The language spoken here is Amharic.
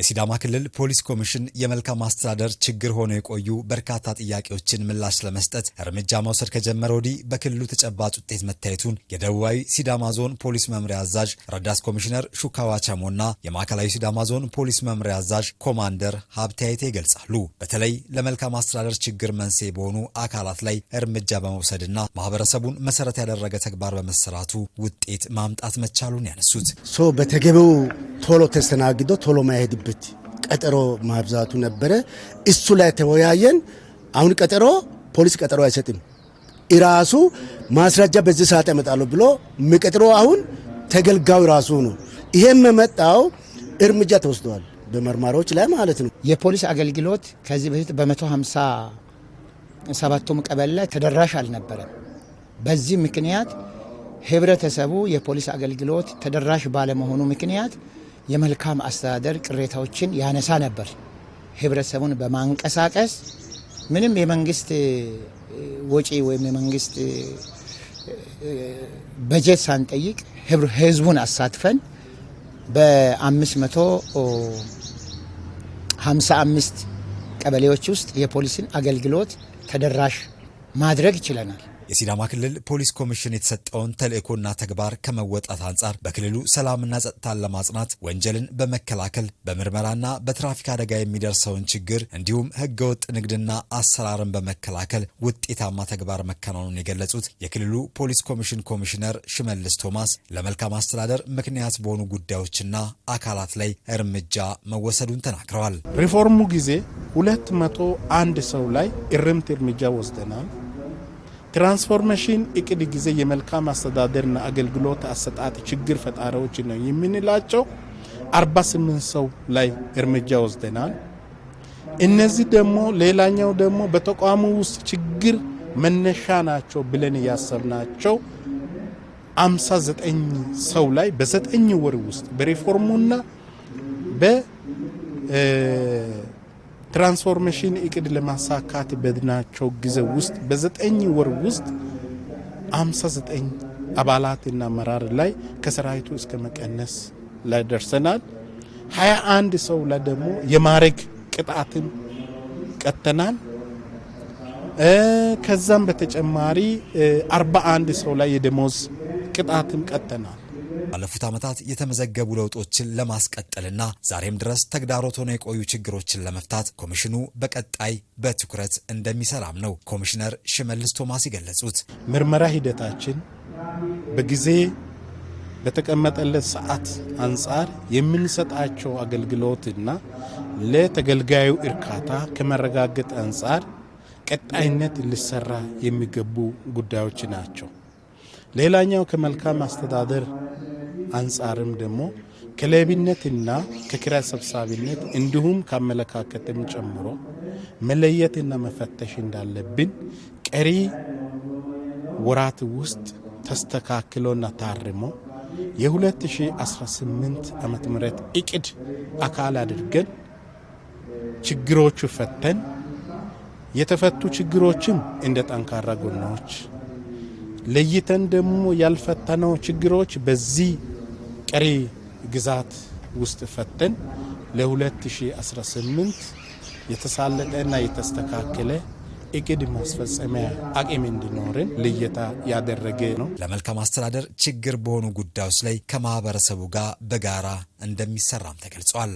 የሲዳማ ክልል ፖሊስ ኮሚሽን የመልካም አስተዳደር ችግር ሆነው የቆዩ በርካታ ጥያቄዎችን ምላሽ ለመስጠት እርምጃ መውሰድ ከጀመረ ወዲህ በክልሉ ተጨባጭ ውጤት መታየቱን የደቡባዊ ሲዳማ ዞን ፖሊስ መምሪያ አዛዥ ረዳት ኮሚሽነር ሹካዋ ቸሞና የማዕከላዊ ሲዳማ ዞን ፖሊስ መምሪያ አዛዥ ኮማንደር ሀብታይቴ ይገልጻሉ። በተለይ ለመልካም አስተዳደር ችግር መንስኤ በሆኑ አካላት ላይ እርምጃ በመውሰድና ማህበረሰቡን መሰረት ያደረገ ተግባር በመሰራቱ ውጤት ማምጣት መቻሉን ያነሱት ሶ በተገቢው ቶሎ ተስተናግዶ ቶሎ ማሄድ አለበት ቀጠሮ ማብዛቱ ነበረ። እሱ ላይ ተወያየን። አሁን ቀጠሮ ፖሊስ ቀጠሮ አይሰጥም። ራሱ ማስረጃ በዚህ ሰዓት ያመጣለሁ ብሎ የሚቀጥረው አሁን ተገልጋዩ ራሱ ነው። ይሄም መጣው እርምጃ ተወስደዋል በመርማሪዎች ላይ ማለት ነው። የፖሊስ አገልግሎት ከዚህ በፊት በ157ቱም ቀበሌ ተደራሽ አልነበረም። በዚህ ምክንያት ህብረተሰቡ የፖሊስ አገልግሎት ተደራሽ ባለመሆኑ ምክንያት የመልካም አስተዳደር ቅሬታዎችን ያነሳ ነበር። ህብረተሰቡን በማንቀሳቀስ ምንም የመንግስት ወጪ ወይም የመንግስት በጀት ሳንጠይቅ ህዝቡን አሳትፈን በ555 ቀበሌዎች ውስጥ የፖሊስን አገልግሎት ተደራሽ ማድረግ ይችለናል። የሲዳማ ክልል ፖሊስ ኮሚሽን የተሰጠውን ተልእኮና ተግባር ከመወጣት አንጻር በክልሉ ሰላምና ጸጥታን ለማጽናት ወንጀልን በመከላከል በምርመራና በትራፊክ አደጋ የሚደርሰውን ችግር እንዲሁም ህገወጥ ንግድና አሰራርን በመከላከል ውጤታማ ተግባር መከናወኑን የገለጹት የክልሉ ፖሊስ ኮሚሽን ኮሚሽነር ሽመልስ ቶማስ ለመልካም አስተዳደር ምክንያት በሆኑ ጉዳዮችና አካላት ላይ እርምጃ መወሰዱን ተናግረዋል። ሪፎርሙ ጊዜ ሁለት መቶ አንድ ሰው ላይ እርምት እርምጃ ወስደናል። ትራንስፎርሜሽን እቅድ ጊዜ የመልካም አስተዳደርና አገልግሎት አሰጣጥ ችግር ፈጣሪዎች ነው የምንላቸው 48 ሰው ላይ እርምጃ ወስደናል። እነዚህ ደግሞ ሌላኛው ደግሞ በተቋሙ ውስጥ ችግር መነሻ ናቸው ብለን ያሰብናቸው 59 ሰው ላይ በዘጠኝ ወር ውስጥ በሪፎርሙና በ ትራንስፎርሜሽን እቅድ ለማሳካት በድናቸው ጊዜ ውስጥ በዘጠኝ ወር ውስጥ 59 አባላትና አመራር ላይ ከሰራዊቱ እስከ መቀነስ ላይ ደርሰናል። 21 ሰው ላይ ደግሞ የማረግ ቅጣትን ቀጥተናል። ከዛም በተጨማሪ 41 ሰው ላይ የደሞዝ ቅጣትም ቀጥተናል። ባለፉት ዓመታት የተመዘገቡ ለውጦችን ለማስቀጠልና ዛሬም ድረስ ተግዳሮት ሆነው የቆዩ ችግሮችን ለመፍታት ኮሚሽኑ በቀጣይ በትኩረት እንደሚሰራም ነው ኮሚሽነር ሽመልስ ቶማስ የገለጹት። ምርመራ ሂደታችን በጊዜ በተቀመጠለት ሰዓት አንጻር የምንሰጣቸው አገልግሎትና ለተገልጋዩ እርካታ ከመረጋገጥ አንጻር ቀጣይነት ሊሰራ የሚገቡ ጉዳዮች ናቸው። ሌላኛው ከመልካም አስተዳደር አንጻርም ደግሞ ከሌብነትና ከኪራይ ሰብሳቢነት እንዲሁም ከአመለካከትም ጨምሮ መለየትና መፈተሽ እንዳለብን ቀሪ ወራት ውስጥ ተስተካክሎና ታርሞ የ2018 ዓመተ ምህረት እቅድ አካል አድርገን ችግሮቹ ፈተን የተፈቱ ችግሮችም እንደ ጠንካራ ጎናዎች ለይተን ደግሞ ያልፈተነው ችግሮች በዚህ ቀሪ ግዛት ውስጥ ፈተን ለ2018 የተሳለጠና የተስተካከለ እቅድ ማስፈጸሚያ አቅም እንዲኖርን ልየታ ያደረገ ነው። ለመልካም አስተዳደር ችግር በሆኑ ጉዳዮች ላይ ከማህበረሰቡ ጋር በጋራ እንደሚሰራም ተገልጿል።